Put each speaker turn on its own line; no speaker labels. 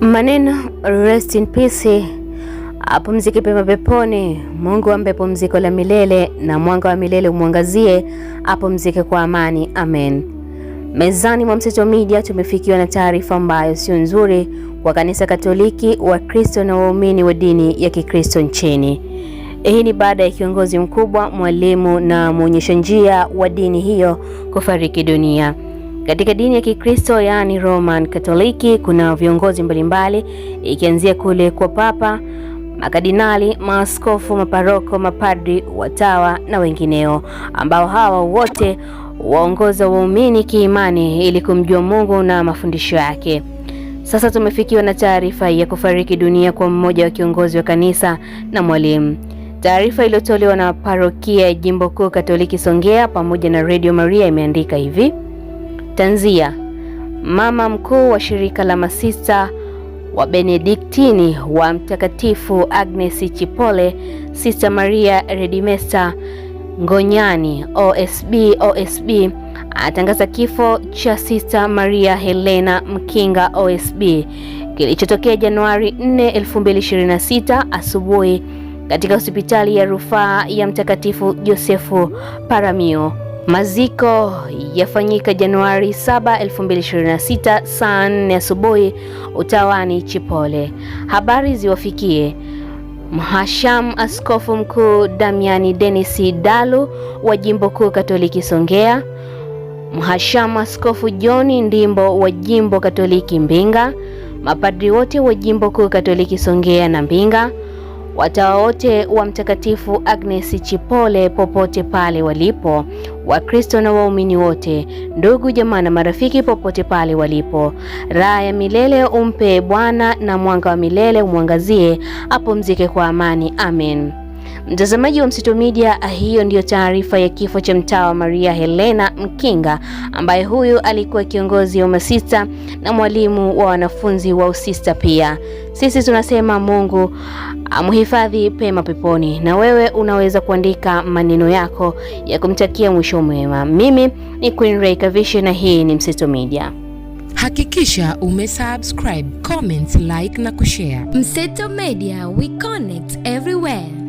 Maneno rest in peace, apumzike pema peponi. Mungu ampe pumziko la milele na mwanga wa milele umwangazie, apumzike kwa amani. Amen. Mezani mwa Mseto Media tumefikiwa na taarifa ambayo sio nzuri kwa kanisa Katoliki, Wakristo na waumini wa dini ya Kikristo nchini. Eh, hii ni baada ya kiongozi mkubwa, mwalimu na mwonyesha njia wa dini hiyo kufariki dunia. Katika dini ya Kikristo yaani Roman Katoliki kuna viongozi mbalimbali ikianzia kule kwa papa, makadinali, maaskofu, maparoko, mapadri, watawa na wengineo ambao hawa wote waongoza waumini kiimani ili kumjua Mungu na mafundisho yake. Sasa tumefikiwa na taarifa ya kufariki dunia kwa mmoja wa kiongozi wa kanisa na mwalimu. Taarifa iliyotolewa na parokia ya Jimbo Kuu Katoliki Songea pamoja na Radio Maria imeandika hivi: Tanzia, mama mkuu wa shirika la masista wa Benediktini wa Mtakatifu Agnes Chipole, Sista Maria Redimesta Ngonyani OSB OSB atangaza kifo cha Sista Maria Helena Mkinga OSB kilichotokea Januari 4, 2026 asubuhi katika hospitali ya rufaa ya Mtakatifu Josefu Paramio. Maziko yafanyika Januari 7, 2026 saa 4 asubuhi utawani Chipole. Habari ziwafikie Mhashamu Askofu Mkuu Damiani Dennis Dalu wa Jimbo Kuu Katoliki Songea, Mhashamu Askofu John Ndimbo wa Jimbo Katoliki Mbinga, mapadri wote wa Jimbo Kuu Katoliki Songea na Mbinga, watawa wote wa Mtakatifu Agnes Chipole popote pale walipo, Wakristo na waumini wote, ndugu jamaa na marafiki popote pale walipo. Raha ya milele umpe Bwana, na mwanga wa milele umwangazie, apumzike kwa amani. Amen. Mtazamaji wa Mseto Media, ah, hiyo ndiyo taarifa ya kifo cha mtawa Maria Helena Mkinga ambaye huyu alikuwa kiongozi wa masista na mwalimu wa wanafunzi wa usista pia. Sisi tunasema Mungu amhifadhi pema peponi, na wewe unaweza kuandika maneno yako ya kumtakia mwisho mwema. Mimi ni Queen Ray Kavishi na hii ni Mseto Media. Hakikisha umesubscribe, comment, like na kushare. Mseto Media, we connect everywhere.